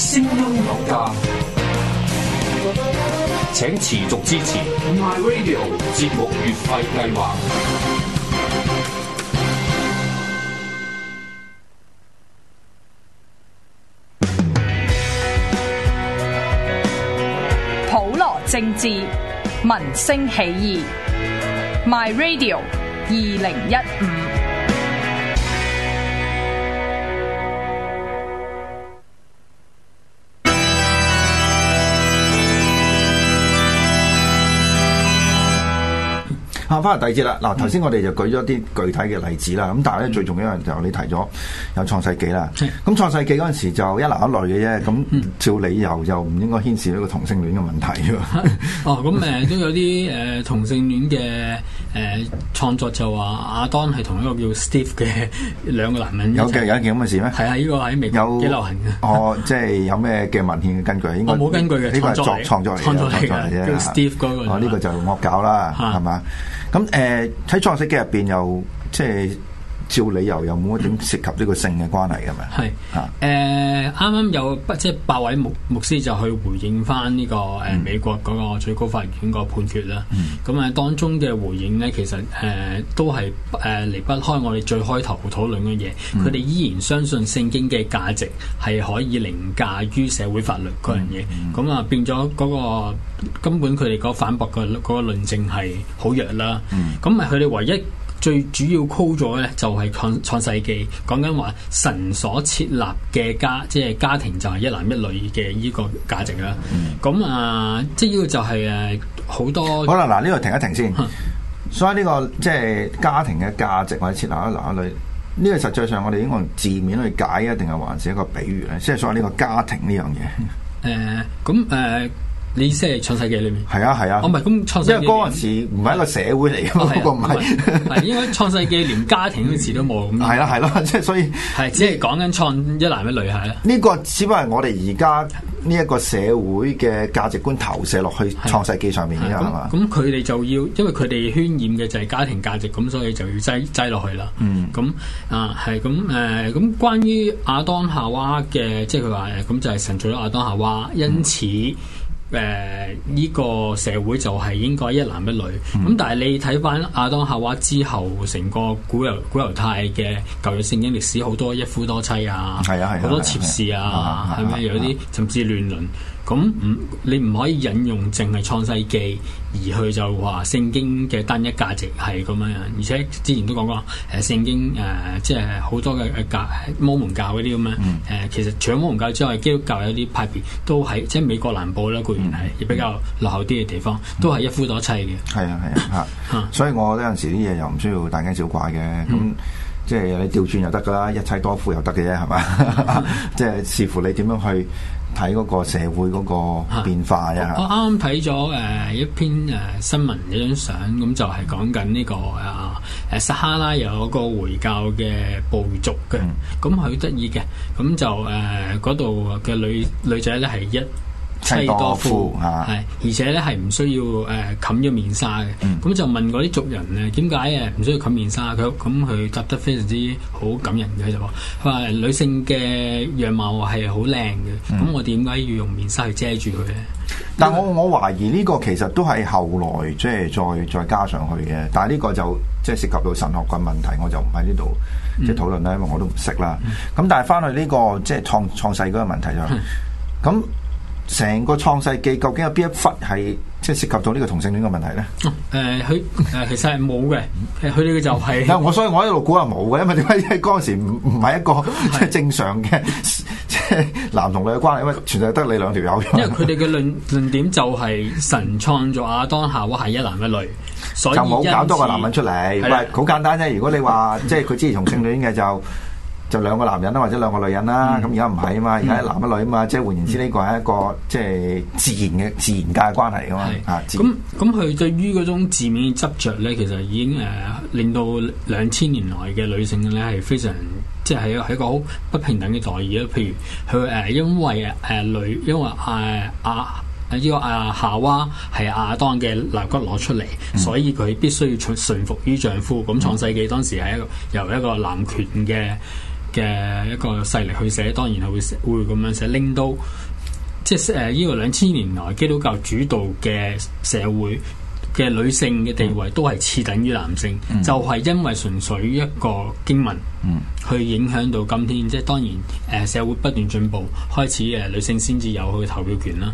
聲音有價，請持續支持 My Radio 節目月費計劃。普羅政治，民聲起義。My Radio 二零一五。行翻嚟第二節啦，嗱頭先我哋就舉咗啲具體嘅例子啦，咁但係咧最重要嘅就你提咗有創世紀啦，咁創世紀嗰陣時就一男一女嘅啫，咁照理由又唔應該牽涉呢個同性戀嘅問題喎。哦，咁誒都有啲誒同性戀嘅誒創作就話阿當係同一個叫 Steve 嘅兩個男人有嘅有一件咁嘅事咩？係啊，呢個喺美國幾流行嘅。哦，即係有咩嘅文獻根據？應該冇根據嘅呢創作嚟嘅。Steve 嗰個，呢個就惡搞啦，係嘛？咁誒喺創世紀入邊又即係。照理由又冇乜點涉及呢個性嘅關係，係咪？係。誒、呃，啱啱有即係八位牧牧師就去回應翻呢、這個誒、呃、美國嗰個最高法院個判決啦。咁啊、嗯、當中嘅回應呢，其實誒、呃、都係誒離不開我哋最開頭討論嘅嘢。佢哋、嗯、依然相信聖經嘅價值係可以凌駕於社會法律嗰樣嘢。咁啊、嗯嗯、變咗嗰、那個根本佢哋嗰反駁個嗰個論證係好弱啦。咁咪佢哋唯一。最主要溝咗咧，就係創創世記講緊話神所設立嘅家，即係家庭就係一男一女嘅依個價值啦。咁、嗯、啊，即係依個就係誒好多。好啦，嗱呢度停一停先。啊、所以呢、這個即係、就是、家庭嘅價值或者設立一男一女呢個實際上，我哋應該用字面去解啊，定係還是一個比喻咧？即係所謂呢個家庭呢樣嘢。誒、啊、咁、嗯、誒。啊你意思係《創世紀》裡面？係啊係啊。我唔係咁，《創世紀》裡面，因為嗰陣時唔係一個社會嚟嘅，嗰個唔係。係因為《創世紀》連家庭嘅事都冇。係啦係啦，即係所以係只係講緊創一男一女係啊。呢個只不過係我哋而家呢一個社會嘅價值觀投射落去《創世紀》上面啫係嘛？咁佢哋就要，因為佢哋渲染嘅就係家庭價值，咁所以就要擠擠落去啦。嗯。咁啊係咁誒，咁關於亞當夏娃嘅，即係佢話誒，咁就係神造咗亞當夏娃，因此。誒呢、呃這個社會就係應該一男一女，咁、嗯、但係你睇翻亞當夏娃之後，成個古猶古猶太嘅舊約聖經歷史，好多一夫多妻啊，係啊係啊、啊啊、好多妾侍啊，係咪、啊啊啊啊啊啊、有啲甚至亂倫？咁唔你唔可以引用淨係創世記而去就話聖經嘅單一價值係咁樣樣，而且之前都講過誒、呃、聖經誒、呃、即係好多嘅教摩門教嗰啲咁樣誒，其實除咗摩門教之外，基督教有啲派別都喺即係美國南部啦，固然係、嗯、比較落後啲嘅地方，都係一夫多妻嘅。係啊係啊嚇、啊、 所以我覺得有陣時啲嘢又唔需要大驚小怪嘅，咁、嗯嗯、即係你調轉又得㗎啦，一妻多夫又得嘅啫，係嘛？ 即係視乎你點樣去。睇嗰個社會嗰個變化啊！我啱啱睇咗誒一篇誒、呃、新聞，一張相咁、嗯、就係、是、講緊、這、呢個啊誒撒哈拉有一個回教嘅部族嘅，咁佢得意嘅，咁就誒嗰度嘅女女仔咧係一妻多夫係、啊，而且咧係唔需要誒冚咗面紗嘅。咁、嗯、就問嗰啲族人咧，點解誒唔需要冚面紗？佢咁佢答得非常之好感人嘅就話：女性嘅樣貌係好靚嘅。咁、嗯、我點解要用面紗去遮住佢咧？但我我懷疑呢個其實都係後來即係再再加上去嘅。但係呢個就即係涉及到神學嘅問題，我就唔喺呢度即係討論啦，嗯、因為我都唔識啦。咁、嗯嗯、但係翻去呢、呢個即係創創世嗰個問題就咁。嗯嗯嗯嗯嗯成個創世記究竟有邊一忽係即係涉及到呢個同性戀嘅問題咧？誒佢誒其實係冇嘅，佢哋嘅就係、係。我所以我一路估係冇嘅，因為點解喺嗰陣時唔唔係一個即係正常嘅即係男同女嘅關係，因為全世界得你兩條友。因為佢哋嘅論 論點就係神創造亞當夏娃係一男一女，所以就冇搞多個男人出嚟。的喂，好簡單啫，如果你話即係佢支持同性戀嘅就。就主持一兩個男人啦，或者兩個女人啦，咁而家唔係啊嘛，而家一男一女啊嘛，即、就、係、是、換言之，呢個係一個即係、就是、自然嘅自然界嘅關係啊嘛。咁咁佢對於嗰種字面執着咧，其實已經誒、嗯、令到兩千年來嘅女性咧係非常即係係一個好、啊、不平等嘅待遇啦。譬如佢誒、啊、因為誒女因為誒亞呢個亞、啊、夏娃係亞當嘅肋骨攞出嚟，嗯、所以佢必須要順服於丈夫。咁創、嗯、世紀當時係一個由一個男，男權嘅。嘅一個勢力去寫，當然係會會咁樣寫。拎到即係誒呢個兩千年來基督教主導嘅社會，嘅女性嘅地位都係次等於男性，嗯、就係因為純粹一個經文，去影響到今天。即係當然，誒、呃、社會不斷進步，開始誒女性先至有佢投票權啦。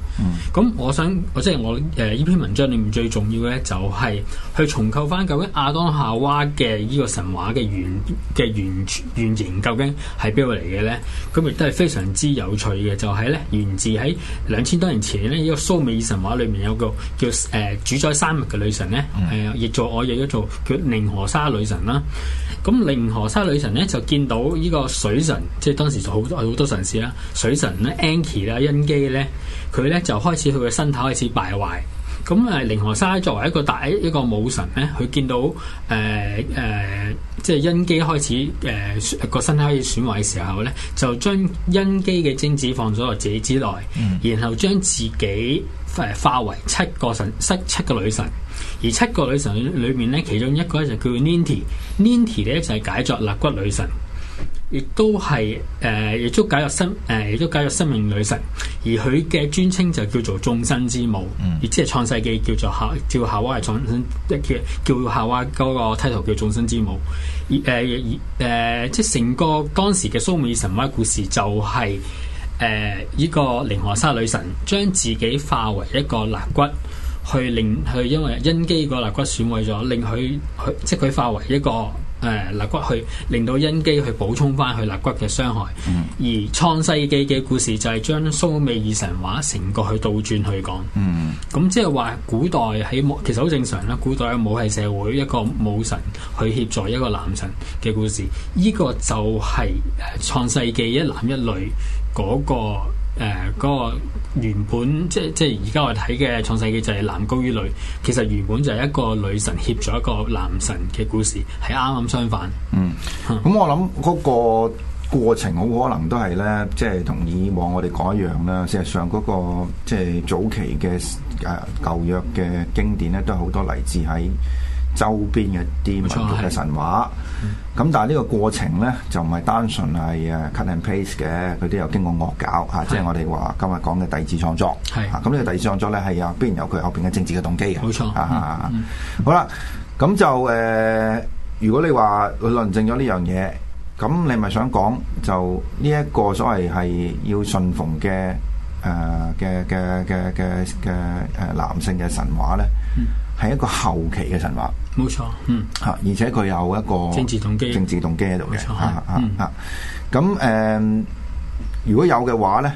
咁、嗯、我想，我即係我誒呢、呃、篇文章裏面最重要嘅咧，就係去重構翻究竟亞當夏娃嘅呢個神話嘅原嘅原原型究竟係邊個嚟嘅咧？咁亦都係非常之有趣嘅，就係、是、咧源自喺兩千多年前咧，呢、這個蘇美神話裏面有個叫誒、呃、主宰生物。女神咧，係啊、mm hmm. 呃，亦做我亦都做叫寧河沙女神啦。咁寧河沙女神咧就見到呢個水神，即係當時就好多好多神士啦。水神咧，Anki 啦，恩基咧，佢咧就開始佢嘅身體開始敗壞。咁誒靈河沙作為一個大一個武神咧，佢見到誒誒、呃呃、即係恩基開始誒個、呃、身體開始損毀嘅時候咧，就將恩基嘅精子放咗落自己之內，嗯、然後將自己誒化為七個神，七七個女神。而七個女神裏面咧，其中一個咧就叫 Ninti，Ninti 咧就係解作肋骨女神。亦都係誒、呃、亦都加入生誒、呃、亦都加入生命女神，而佢嘅尊稱就叫做眾生之母，亦即係創世記叫做夏叫夏娃係創生，即叫個叫夏娃嗰 title 叫眾生之母，而誒而誒即成個當時嘅蘇美神話故事就係誒依個寧河沙女神將自己化為一個肋骨，去令去因為因基個肋骨損毀咗，令佢佢即佢化為一個。誒肋、呃、骨去令到恩基去補充翻佢肋骨嘅傷害，嗯、而創世記嘅故事就係將蘇美爾神話成個去倒轉去講，咁即係話古代喺其實好正常啦。古代嘅母系社會一個母神去協助一個男神嘅故事，呢、呢個就係創世記一男一女嗰、嗰個。誒嗰、呃、那個原本即即而家我睇嘅創世記就係男高於女，其實原本就係一個女神協助一個男神嘅故事，係啱啱相反。嗯，咁我諗嗰個過程好可能都係咧，即係同以往我哋講一樣啦，事實上嗰、那個即係、就是、早期嘅誒、啊、舊約嘅經典咧，都好多嚟自喺周邊嘅啲民族嘅神話。咁、嗯、但係呢個過程咧就唔係單純係誒 cut and paste 嘅，佢都有經過惡搞吓，啊、是即係我哋話今日講嘅第二次創作。係咁呢個第二次創作咧係有必然有佢後邊嘅政治嘅動機嘅。冇錯錯。啊，好啦，咁就誒、呃，如果你話論證咗呢樣嘢，咁你咪想講就呢一個所謂係要信奉嘅誒嘅嘅嘅嘅嘅誒男性嘅神話咧。嗯係一個後期嘅神話，冇錯，嗯，吓，而且佢有一個政治動機，嗯、政治動機喺度嘅，冇錯，吓咁誒，如果有嘅話咧，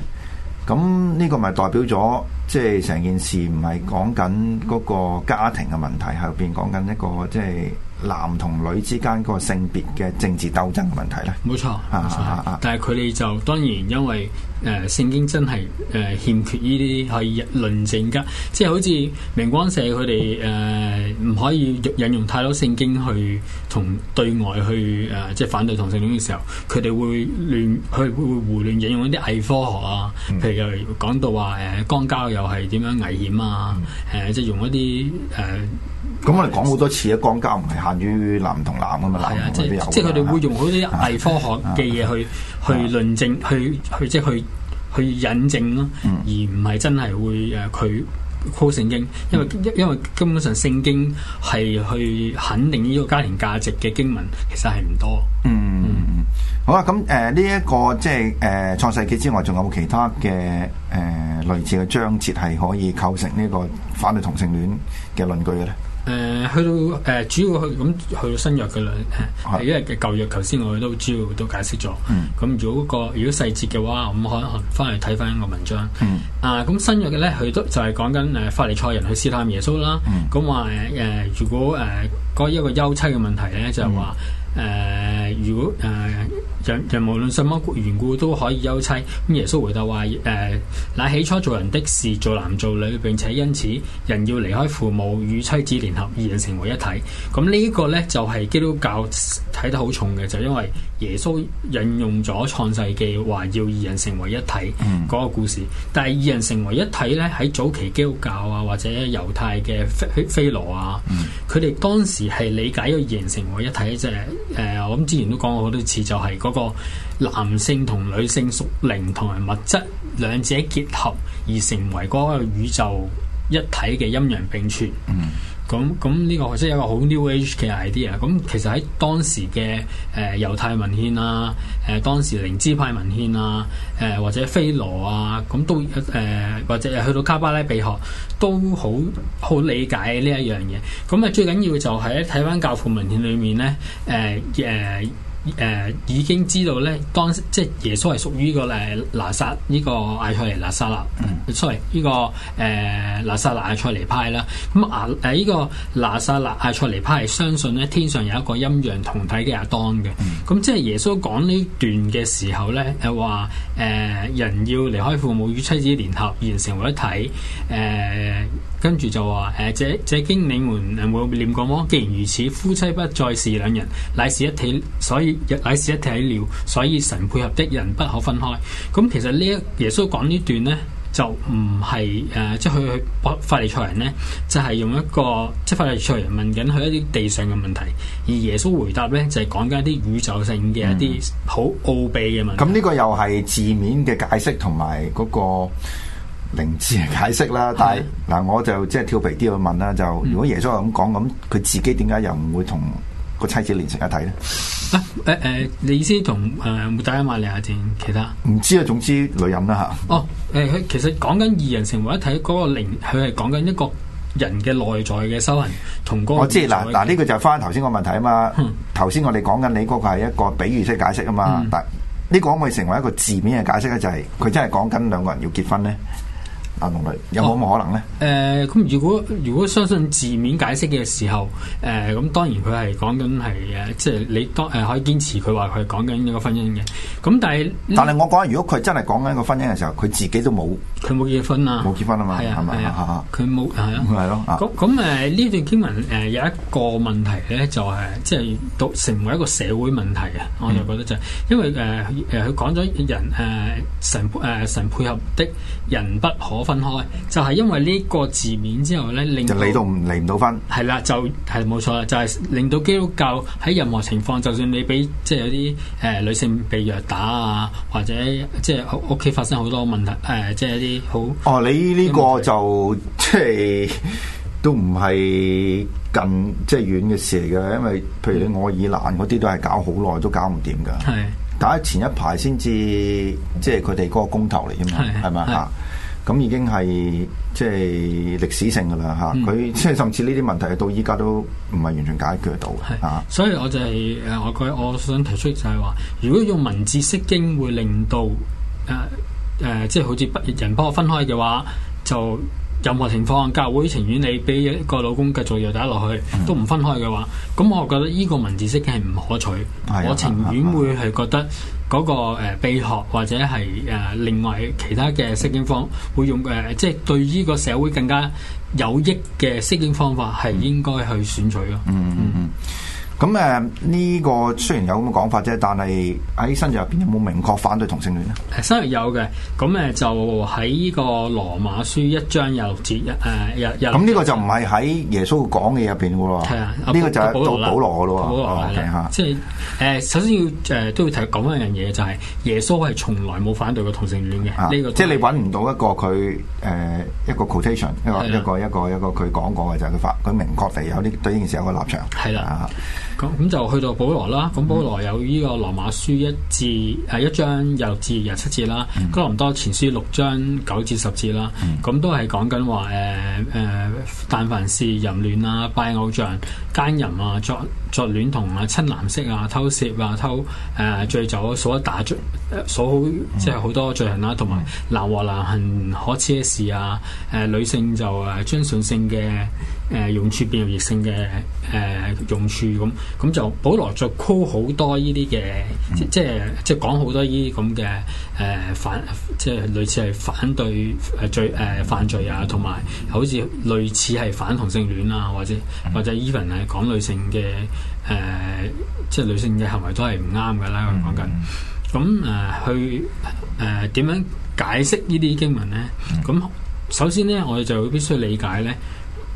咁呢個咪代表咗，即係成件事唔係講緊嗰個家庭嘅問題，喺入邊講緊一個即係、就是、男同女之間個性別嘅政治鬥爭嘅問題咧，冇錯，冇錯、啊、但係佢哋就當然因為。誒、呃、聖經真係誒、呃、欠缺呢啲去論證㗎，即係好似明光社佢哋誒，唔可以引用太多聖經去同對外去誒、呃、即係反對同性戀嘅時候，佢哋會亂佢會胡亂，亂引用一啲偽科學啊，譬如講到話誒肛交又係點樣危險啊，誒、呃、即係用一啲誒，咁、呃嗯、我哋講好多次江藍藍啊，肛交唔係限於男同男㗎嘛，即係佢哋會用好啲偽科學嘅嘢去、啊、 去論證，去去即係去。去去去引證咯，而唔係真係會誒佢靠聖經，因為因為根本上聖經係去肯定呢個家庭價值嘅經文，其實係唔多。嗯嗯嗯，好啦，咁誒呢一個即係誒、呃、創世記之外，仲有冇其他嘅誒、呃、類似嘅章節，係可以構成呢個反對同性戀嘅論據嘅咧？誒、呃、去到誒、呃、主要去咁去到新約嘅啦，係、啊、因為嘅舊約頭先我哋都主要都解釋咗，咁、嗯、如果個如果細節嘅話，咁可能翻去睇翻個文章。嗯、啊，咁新約嘅咧，佢都就係講緊誒法利賽人去試探耶穌啦。咁話誒，如果誒嗰一個休妻嘅問題咧，就係話誒，如果誒。呃人人無論什麼緣故都可以休妻。咁耶穌回答話誒那起初做人的事，做男做女，並且因此人要離開父母與妻子聯合，二人成為一體，咁呢個個咧就係、是、基督教睇得好重嘅，就是、因為耶穌引用咗創世記話要二人成為一體嗰個故事。嗯、但係二人成為一體咧喺早期基督教啊或者猶太嘅腓腓羅啊，佢哋、嗯、當時係理解要二人成為一體就係、是呃、我諗之前都講過好多次，就係、是那。個嗰個男性同女性屬靈同埋物質兩者結合而成為嗰個宇宙一體嘅陰陽並存。嗯、mm，咁咁呢個即係有個好 New Age 嘅 idea。咁其實喺當時嘅誒、呃、猶太文獻啊，誒、呃、當時靈知派文獻啊，誒、呃、或者菲羅啊，咁都誒、呃、或者去到卡巴拉秘學都好好理解呢一樣嘢。咁啊，最緊要就係睇翻教父文獻裏面咧，誒、呃、誒。呃誒已經知道咧，當即耶穌係屬於呢個誒拿撒呢、這個亞塞尼拿撒拉，出嚟呢個誒拿撒拿塞尼派啦。咁啊喺呢個拿撒拿塞尼派係相信咧天上有一個陰陽同體嘅亞當嘅。咁、嗯、即係耶穌講呢段嘅時候咧，就話誒人要離開父母與妻子聯合，而成為一體。誒跟住就話誒這這經你們有冇念過麼？既然如此，夫妻不再是兩人，乃是一體，所以。乃是一體了，所以神配合的人不可分開。咁其實呢一耶穌講呢段咧，就唔係誒，即係去法法利賽人咧，就係、是、用一個即係、就是、法利賽人問緊佢一啲地上嘅問題，而耶穌回答咧就係講緊一啲宇宙性嘅一啲好奧秘嘅問題。咁呢個又係字面嘅解釋同埋嗰個靈知嘅解釋啦。但係嗱，我就即係調皮啲去問啦，就如果耶穌係咁講咁，佢自己點解又唔會同？個妻子連成一體咧？啊誒誒、呃，你意思同誒抹大拉馬利亞定其他？唔知啊，總之女人啦吓。啊、哦誒，佢、呃、其實講緊二人成為一體嗰、那個靈，佢係講緊一個人嘅內在嘅修行同嗰個。我知嗱嗱，呢、這個就係翻頭先個問題啊嘛。頭先、嗯、我哋講緊你嗰個係一個比喻式解釋啊嘛。嗯、但呢個可唔可以成為一個字面嘅解釋咧？就係、是、佢真係講緊兩個人要結婚咧。阿龍女有冇可能咧？誒咁、哦呃，如果如果相信字面解釋嘅時候，誒、呃、咁當然佢係講緊係誒，即係你當誒、呃、可以堅持佢話佢係講緊一個婚姻嘅。咁但係，但係我講，如果佢真係講緊一個婚姻嘅時候，佢自己都冇，佢冇結婚，結婚啊，冇結婚啊嘛，係咪？佢冇係啊，係咯、啊。咁咁誒呢段經文誒、呃、有一個問題咧、就是，就係即係到成為一個社會問題嘅，嗯、我就覺得就係、是、因為誒誒佢講咗人誒神誒神配合的人不可。分開就係因為呢個字面之後咧，令就理到唔離唔到婚。係啦，就係冇錯啦，就係、是、令到基督教喺任何情況，就算你俾即係有啲誒、呃、女性被虐打啊，或者即係屋企發生好多問題誒，即、呃、係、就是、一啲好。哦，你呢個就即、是、係、就是、都唔係近即係、就是、遠嘅事嚟嘅，因為譬如你愛爾蘭嗰啲都係搞好耐都搞唔掂㗎。係的，打前一排先至，即係佢哋嗰個公投嚟㗎嘛，係咪？嚇？咁已經係即係歷史性嘅啦嚇，佢、嗯、即係甚至呢啲問題到依家都唔係完全解決到是啊，所以我就係、是、誒我佢我想提出就係話，如果用文字識經會令到誒誒、呃呃、即係好似畢業人幫我分開嘅話就。任何情況，教會情願你俾一個老公繼續又打落去，都唔分開嘅話，咁我覺得呢個文字式嘅係唔可取。的我情願會係覺得嗰個誒悲學或者係誒另外其他嘅適應方會用誒，即、呃、係、就是、對呢個社會更加有益嘅適應方法係應該去選取咯、嗯。嗯嗯嗯。嗯。咁誒呢個雖然有咁嘅講法啫，但係喺新約入邊有冇明確反對同性戀咧？新約有嘅，咁誒就喺呢個羅馬書一章廿六節，誒咁呢個就唔係喺耶穌講嘅入邊嘅喎。係啊，呢個就係到保羅咯喎。保羅啦，即係誒，首先要誒都要提講一樣嘢，就係耶穌係從來冇反對過同性戀嘅。呢個即係你揾唔到一個佢誒一個 quotation 一個一個一個佢講過嘅就係佢發佢明確地有呢對呢件事有個立場。係啦。咁咁、嗯、就去到保羅啦，咁保羅有呢個羅馬書一至誒一章廿六至廿七節啦，咁哥林多前書六章九至十節啦，咁都係講緊話誒誒，但凡是淫亂啊、拜偶像、奸淫啊、作作孌童啊親男色啊、偷竊啊、偷誒罪、呃、酒所打足，所即係好多罪行啦，同埋男和男行可恥嘅事啊，誒、呃、女性就誒將順性嘅。誒、呃、用處變為逆性嘅誒、呃、用處咁，咁就保羅就 call 好多呢啲嘅，即係即係講好多呢啲咁嘅誒反，即係類似係反對誒罪誒、呃、犯罪啊，同埋好似類似係反同性戀啊，或者、嗯、或者 even 係講女性嘅誒，即係女性嘅行為都係唔啱噶啦，嗯、我講緊。咁誒、嗯嗯、去誒點、呃、樣解釋呢啲經文咧？咁、嗯、首先咧，我哋就必須理解咧。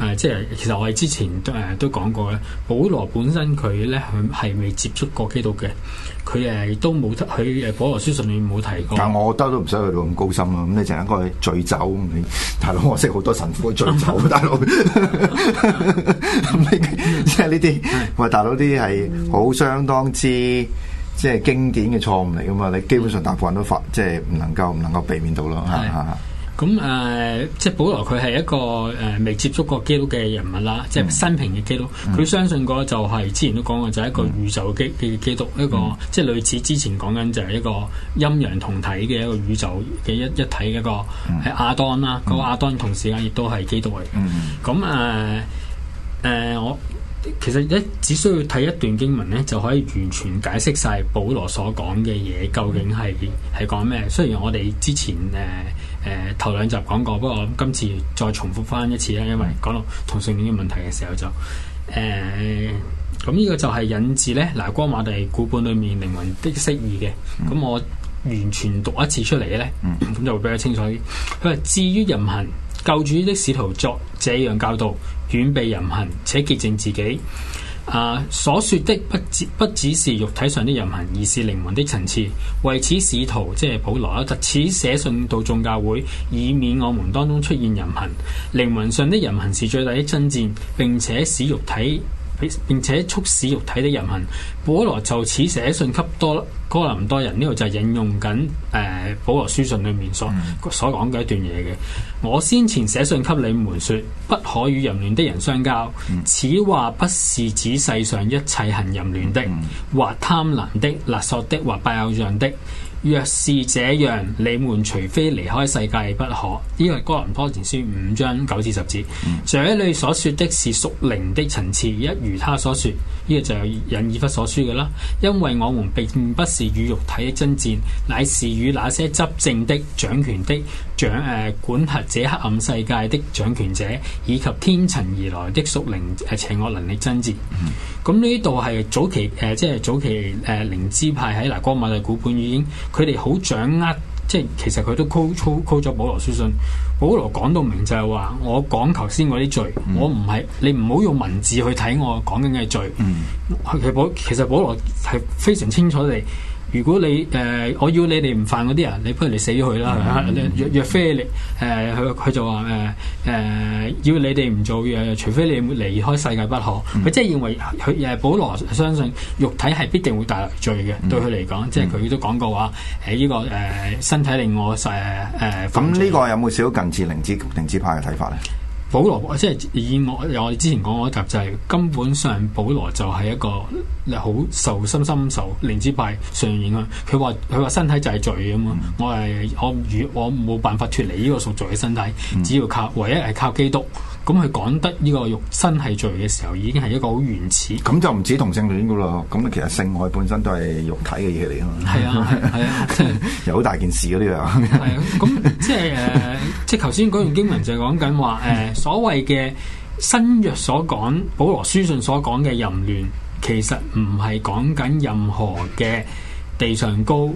誒，即係其實我哋之前誒都講過咧，保羅本身佢咧佢係未接觸過基督嘅，佢誒都冇得，佢誒《保羅書》上面冇提過。但我覺得都唔使去到咁高深咯，咁你就應該醉酒咁，大佬我識好多神父醉酒 大哥，大佬即係呢啲，話大佬啲係好相當之即係、就是、經典嘅錯誤嚟㗎嘛，你基本上大部分都犯，即係唔能夠唔能夠避免到咯嚇。咁誒，即係保羅佢係一個誒未接觸過基督嘅人物啦，即係新平嘅基督。佢相信過就係之前都講過，就係一個宇宙嘅基督一個，即係類似之前講緊就係一個陰陽同體嘅一個宇宙嘅一一體一個係亞當啦。個亞當同時間亦都係基督嚟嘅。咁誒誒，我其實一只需要睇一段經文咧，就可以完全解釋晒保羅所講嘅嘢究竟係係講咩。雖然我哋之前誒。誒、呃、頭兩集講過，不過我今次再重複翻一次咧，因為講到同性戀嘅問題嘅時候就誒，咁、呃、呢個就係引致咧。嗱，光馬地古本裏面靈魂的釋義嘅，咁、嗯、我完全讀一次出嚟咧，咁、嗯、就會比較清楚啲。佢話：至於淫行，救主的使徒作這樣教導，遠避淫行，且潔淨自己。啊！所說的不只不只是肉體上的淫行，而是靈魂的層次。為此，使徒即係保羅啊，特此寫信到眾教會，以免我們當中出現淫行。靈魂上的淫行是最大的爭戰，並且使肉體。並且促使肉體的人行，保羅就此寫信給多哥林多人。呢度就係引用緊誒保羅書信裏面所、嗯、所講嘅一段嘢嘅。我先前寫信給你們說，不可與淫亂的人相交，此話不是指世上一切行淫亂的，或貪婪的，勒索的，或拜偶像的。若是這樣，你們除非離開世界不可。呢個係《哥林多前書》五章九至十節。這裏所說的是屬靈的層次，一如他所說。呢個就係引爾弗所書嘅啦。因為我們並不是與肉體的爭戰，乃是與那些執政的、掌權的、掌誒管轄者、黑暗世界的掌權者，以及天層而來的屬靈誒邪惡能力爭戰。咁呢度係早期誒，即係早期誒靈知派喺嗱哥林多古本已經。佢哋好掌握，即係其實佢都 call call call 咗保羅書信。保羅講到明就係話，我講頭先嗰啲罪，mm. 我唔係你唔好用文字去睇我講緊嘅罪。其、mm. 其實保羅係非常清楚地。如果你誒、呃、我要你哋唔犯嗰啲人，你不如死佢啦、嗯！若若非你誒，佢、呃、佢就話誒誒，要你哋唔做嘢，除非你哋離開世界不可。佢、嗯、即係認為佢誒保羅相信肉體係必定會帶、嗯、來罪嘅。對佢嚟講，即係佢都講過話喺呢個誒、呃、身體令我誒誒。咁、呃、呢、嗯這個有冇少少近似靈智靈智派嘅睇法咧？保羅，即係以我哋之前講嗰一集就係，是，根本上保羅就係一個好受深深受靈智派影響。佢話佢話身體就係罪咁啊，嗯！我係我我冇辦法脫離呢個屬罪嘅身體，只要靠唯一係靠基督。咁佢講得呢個肉身係罪嘅時候，已經係一個好原始。咁就唔止同性戀噶咯？咁其實性愛本身都係肉體嘅嘢嚟啊！係啊係啊，即又好大件事嗰啲啊！係 啊，咁即係誒、呃，即係頭先講完經文就係講緊話誒。呃所謂嘅新約所講，保羅書信所講嘅淫亂，其實唔係講緊任何嘅地上高誒、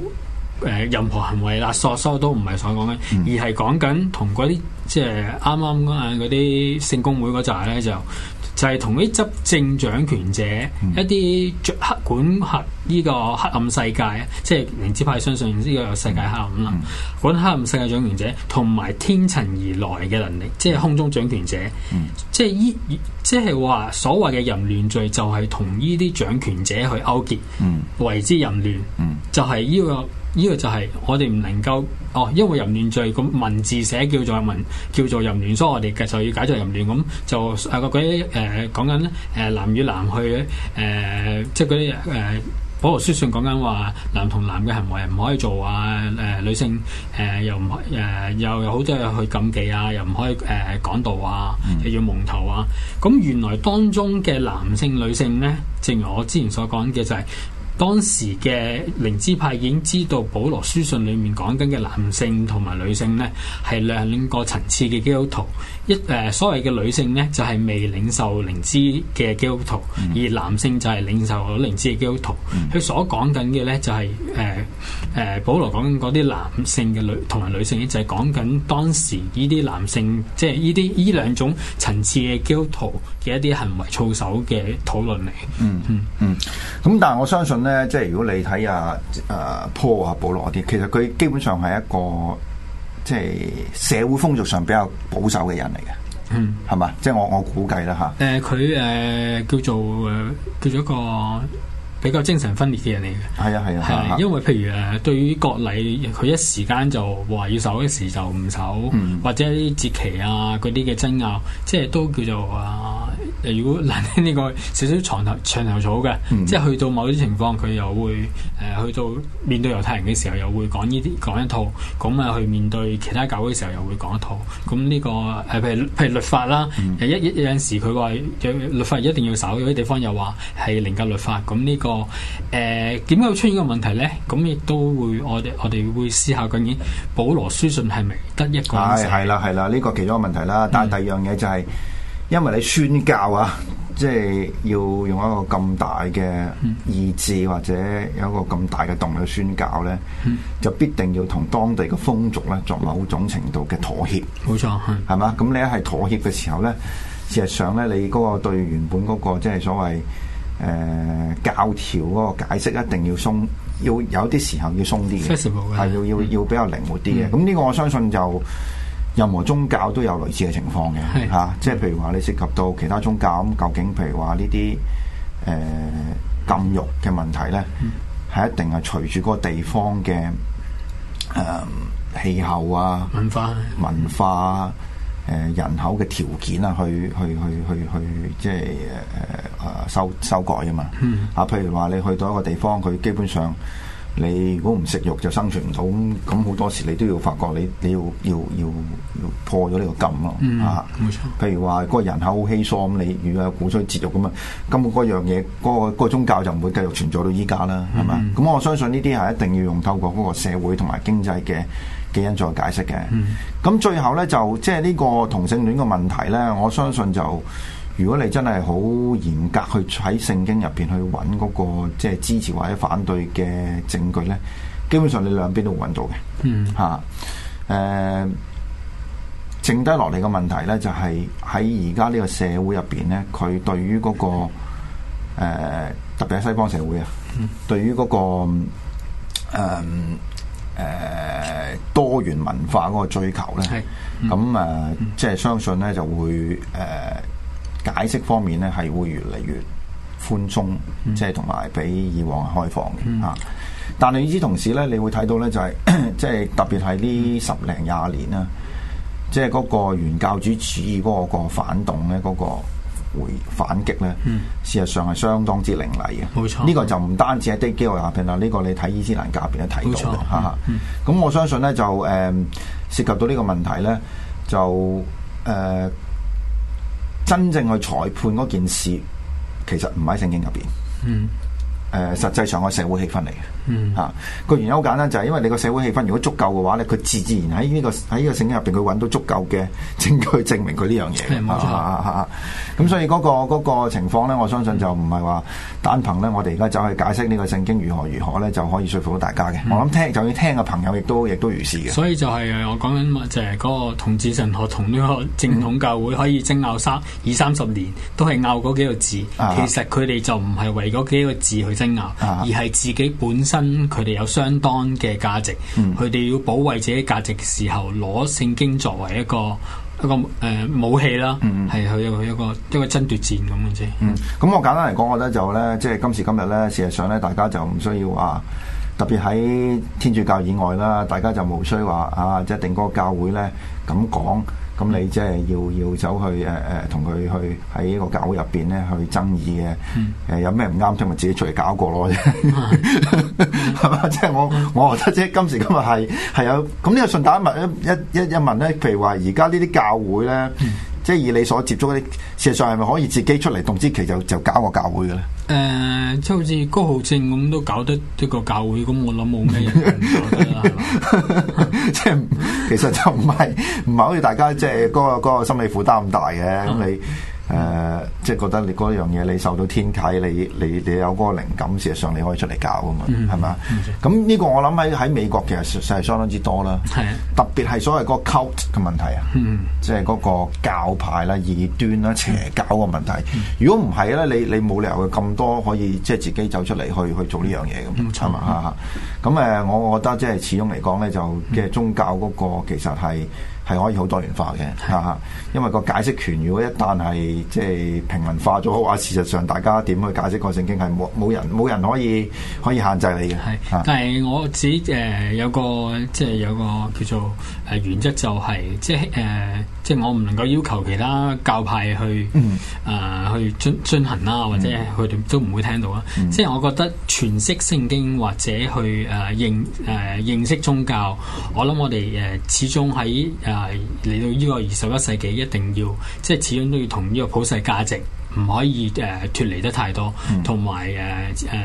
呃、任何行為啦，索收都唔係所講嘅，而係講緊同嗰啲即係啱啱嗰啲聖公會嗰扎咧就。就係同啲執政掌權者、嗯、一啲黑管轄呢個黑暗世界，即係靈知派相信呢個世界黑暗啦。嗯、管黑暗世界掌權者同埋天塵而來嘅能力，即係空中掌權者，嗯、即係依即係話所謂嘅淫亂罪，就係同呢啲掌權者去勾結，嗯、為之淫亂，嗯、就係呢個。呢個就係我哋唔能夠哦，因為淫亂罪個文字寫叫做淫，叫做淫亂，所以我哋嘅就要解作淫亂，咁就誒個嗰啲誒講緊誒男與男去誒、呃，即係嗰啲誒《保、呃、羅書信》講緊話男同男嘅行為唔可以做啊！誒、呃、女性誒、呃、又唔誒、呃、又有好多嘢去禁忌啊，又唔可以誒講、呃、道啊，嗯、又要蒙頭啊。咁原來當中嘅男性女性咧，正如我之前所講嘅就係、是。當時嘅靈知派已經知道，保羅書信裏面講緊嘅男性同埋女性咧，係兩個層次嘅基督徒。一誒、呃、所謂嘅女性咧，就係未領受靈知嘅基督徒，而男性就係領受咗靈知嘅基督徒。佢、嗯、所講緊嘅咧，就係誒誒保羅講緊啲男性嘅女同埋女性咧，就係講緊當時呢啲男性，即係呢啲呢兩種層次嘅基督徒嘅一啲行為操守嘅討論嚟。嗯嗯嗯。咁，但係我相信。咧，即係如果你睇阿阿坡啊、啊 Paul, 保羅啲，其實佢基本上係一個即係社會風俗上比較保守嘅人嚟嘅，嗯，係嘛，即係我我估計啦吓。誒，佢、呃、誒叫做誒叫做一個比較精神分裂嘅人嚟嘅，係啊係啊，係啊，啊。因為譬如誒、呃、對於割禮，佢一時間就話要守一時就唔守，嗯、或者啲節期啊嗰啲嘅爭拗，即係都叫做啊。如果難聽啲講少少長頭長頭草嘅，嗯、即係去到某啲情況，佢又會誒、呃、去到面對猶太人嘅時候，又會講呢啲講一套，咁啊去面對其他教會嘅時候又會講一套。咁呢、這個誒，譬如譬如律法啦，嗯、有一有陣時佢話律法一定要守，有啲地方又話係凌駕律法。咁呢、這個誒點、呃、解會出現個問題咧？咁亦都會我哋我哋會思考究竟《保羅書信》係咪得一個？係係啦係啦，呢個其中個問題啦。但係第二樣嘢就係、是。因為你宣教啊，即係要用一個咁大嘅意志，嗯、或者有一個咁大嘅動力宣教咧，嗯、就必定要同當地嘅風俗咧作某種程度嘅妥協。冇錯、嗯，係係嘛？咁你一係妥協嘅時候咧，事實上咧，你嗰個對原本嗰個即係所謂誒、呃、教條嗰個解釋，一定要鬆，要有啲時候要鬆啲嘅，係要要要比較靈活啲嘅。咁呢、嗯嗯、個我相信就。任何宗教都有類似嘅情況嘅嚇是、啊，即係譬如話你涉及到其他宗教咁，究竟譬如話呢啲誒禁欲嘅問題咧，係、嗯、一定係隨住個地方嘅誒、呃、氣候啊、文化、嗯、文化啊、呃、人口嘅條件啊，去去去去去、去即係誒誒修修改啊嘛。嗯、啊，譬如話你去到一個地方，佢基本上。你如果唔食肉就生存唔到咁咁，好多時你都要發覺你你要要要，要破咗呢個禁咯、嗯、啊，冇錯。譬如話個人口好稀疏咁，你如果有鼓吹節育咁啊，根本嗰樣嘢嗰、嗰個嗰個宗教就唔會繼續存在到依家啦，係嘛吧？咁、嗯、我相信呢啲係一定要用透過嗰個社會同埋經濟嘅嘅因素嚟解釋嘅。咁、嗯、最後咧就即係呢個同性戀嘅問題咧，我相信就。如果你真係好嚴格去喺聖經入邊去揾嗰、那個即係支持或者反對嘅證據咧，基本上你兩邊都會揾到嘅。嗯、啊，嚇，誒，剩低落嚟嘅問題咧，就係喺而家呢個社會入邊咧，佢對於嗰、那個、呃、特別係西方社會啊，嗯、對於嗰、那個誒、呃呃、多元文化嗰個追求咧，咁誒即係相信咧就會誒。呃解釋方面咧，係會越嚟越寬鬆，即係同埋比以往開放嘅嚇。嗯、但係與此同時咧，你會睇到咧就係、是、 即係特別係呢十零廿年啦，即係嗰個原教主主義嗰個反動咧，嗰、嗰個回反擊咧，事實上係相當之凌厲嘅。冇錯，呢個就唔單止喺啲機械下邊啦，呢、呢個你睇伊斯蘭教入邊都睇到嘅嚇。咁、嗯啊嗯、我相信咧就誒、嗯、涉及到呢個問題咧就誒。呃真正去裁判嗰件事，其實唔喺聖經入邊。嗯誒、呃，實際上個社會氣氛嚟嘅，嚇個、嗯啊、原因好簡單，就係因為你個社會氣氛如果足夠嘅話咧，佢自自然喺呢、這個喺呢個聖經入邊，佢揾到足夠嘅證據去證明佢呢樣嘢。咁所以嗰個情況咧，我相信就唔係話單憑咧，我哋而家走去解釋呢個聖經如何如何咧，就可以說服到大家嘅。嗯、我諗聽就要聽嘅朋友亦都亦都如是嘅。所以就係我講緊就係、是、嗰個同志神學同呢個正統教會可以爭拗三二三,三十年，都係拗嗰幾個字，其實佢哋就唔係為嗰幾個字去。爭拗，而係自己本身佢哋有相當嘅價值，佢哋、嗯、要保衛自己價值嘅時候，攞聖經作為一個一個誒、呃、武器啦，係去、嗯、一個一個、一個爭奪戰咁嘅啫。嗯，咁我簡單嚟講，我覺得就咧，即係今時今日咧，事實上咧，大家就唔需要話，特別喺天主教以外啦，大家就無需話啊，即係定嗰個教會咧咁講。咁、啊、你即係要要走去誒誒同佢去喺呢個教會入邊咧去爭議嘅誒、mm. 呃、有咩唔啱？咁咪自己出嚟搞過咯，係 嘛、mm. 即係我我覺得即係今時今日係係，有咁呢個順帶一問一一一問咧，譬如話而家呢啲教會咧。Mm. 即係以你所接觸啲，事實上係咪可以自己出嚟動之其就就搞個教會嘅咧？誒、呃，即係好似高浩正咁都搞得一個教會，咁我諗冇咩嘢。即係其實就唔係唔係好似大家 即係嗰、嗰個嗰個心理負擔咁大嘅，咁、嗯、你。誒，即係覺得你嗰樣嘢，你受到天啟，你你你有嗰個靈感，事實上你可以出嚟搞啊嘛，係嘛？咁呢個我諗喺喺美國其實實係相當之多啦。係特別係所謂嗰個 cult 嘅問題啊，即係嗰個教派啦、異端啦、邪教嘅問題。如果唔係咧，你你冇理由咁多可以即係自己走出嚟去去做呢樣嘢咁。係嘛？嚇嚇。咁誒，我覺得即係始終嚟講咧，就嘅宗教嗰個其實係。係可以好多元化嘅嚇，的因為個解釋權如果一旦係即係平民化咗，好話事實上大家點去解釋個聖經係冇冇人冇人可以可以限制你嘅。係的，的但係我指誒、呃、有個即係有個叫做誒、呃、原則就係、是、即係誒。呃即係我唔能夠要求其他教派去，誒去進進行啦，或者佢哋都唔會聽到啊。即係我覺得詮釋聖經或者去誒認誒認識宗教，我諗我哋誒始終喺誒嚟到呢個二十一世紀，一定要即係始終都要同呢個普世價值唔可以誒脱離得太多，同埋誒誒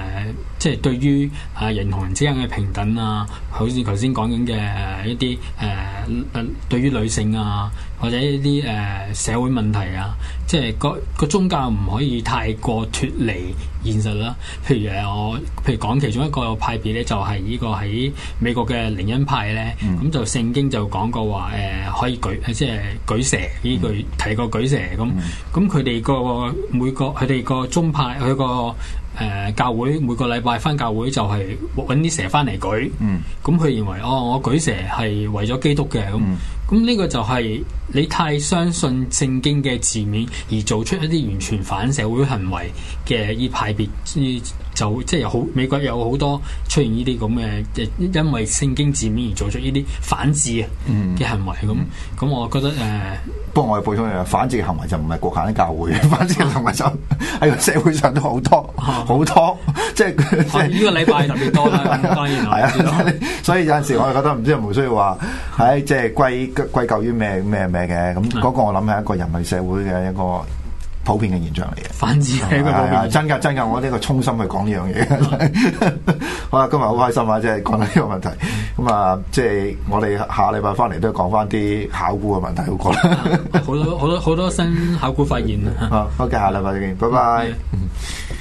即係對於啊人同人之間嘅平等啊，好似頭先講緊嘅一啲誒對於女性啊。或者一啲誒、呃、社會問題啊，即係個宗教唔可以太過脱離現實啦。譬如誒，我譬如講其中一個派別咧，就係、是、呢個喺美國嘅靈恩派咧，咁、嗯、就聖經就講過話誒、呃，可以舉即係舉蛇呢句提過舉蛇咁。咁佢哋個每個佢哋個宗派佢個。誒、呃，教會每個禮拜翻教會就係搵啲蛇翻嚟舉，咁佢、嗯、認為哦，我舉蛇係為咗基督嘅咁。咁呢、嗯、個就係你太相信聖經嘅字面而做出一啲完全反社會行為嘅依派別。嗯就即係好，美國有好多出現呢啲咁嘅，即係因為聖經字面而做出呢啲反智嘅嘅行為咁。咁我覺得，誒，不過我哋普通人反智嘅行為就唔係局限喺教會，反智嘅行為就喺個社會上都好多好多，即係即呢個禮拜特別多啦，當然係。啊，所以有陣時我哋覺得唔知有冇需要話，喺即係歸歸咎於咩咩咩嘅咁。嗰個我諗係一個人類社會嘅一個。普遍嘅現象嚟嘅，反而係真㗎真㗎，我呢個衷心去講呢樣嘢。啊、 好啦，今日好開心啊，即係講緊呢個問題。咁啊、嗯嗯，即係我哋下個禮拜翻嚟都要講翻啲考古嘅問題好過、啊。好多好多好多新考古發現、嗯、啊好！OK，下禮拜再見，拜拜。嗯嗯。